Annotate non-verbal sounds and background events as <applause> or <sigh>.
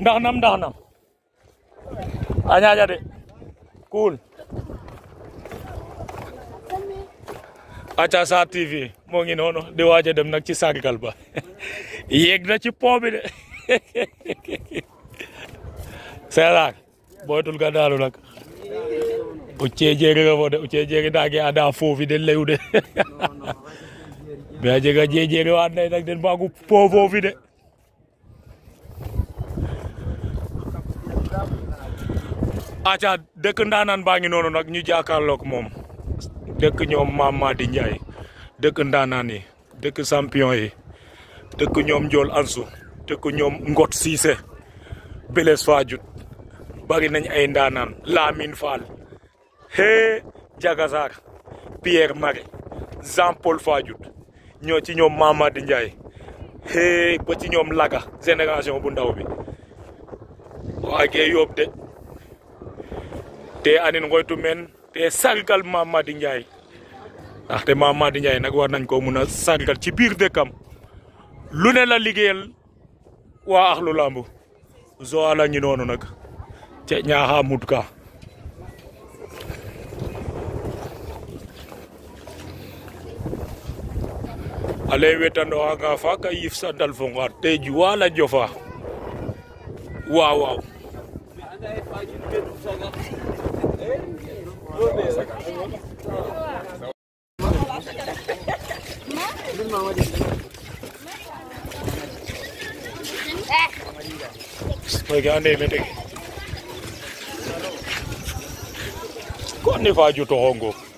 ndax nam ndax nam a ñaaƴa de kuul aca Sarr TV moo ngi noonu di waaj dem nag ci Sargal ba <laughs> yéeg na ci pont bi de Sarr <laughs> boytul ga daalu nag u ceejeeri refo de u ceejeeri daage ada foofi den layu de <laughs> mais a jega jeejeer yo and dëkk Ndanane baa ngi noonu nag ñu jàkkaarloog moom dëkk ñoom Mame Mady dëkk Ndanane yi dëkk champion dëkk ñoom Ndiol Ansou dëkk ñoom Ngot Cissé Blaise Fadiouth bari nañ ay Ndanane Lamine Fall hee Diaga Sarr Pierre Jean Paul Fadiouth ñoo ci ñoom Mamadi Ndiaye xëy ba ci ñoom Laga génération bu ndaw bi waa gee yóob de te anin ngoytu men te sargal Mamadi Ndiaye ndaxte Mamadi Ndiaye nag war nañ koo mun a sargal ci biir dëkkam lu ne la liggéeyal waa Ahlou Lamb Joal a ngi noonu nag ca Niakhar Moutka ale wetano hanga fa ka yif sandal fonga te juwala jofa waaw waaw Sebagai aneh metek. Kok ni faju tohongo?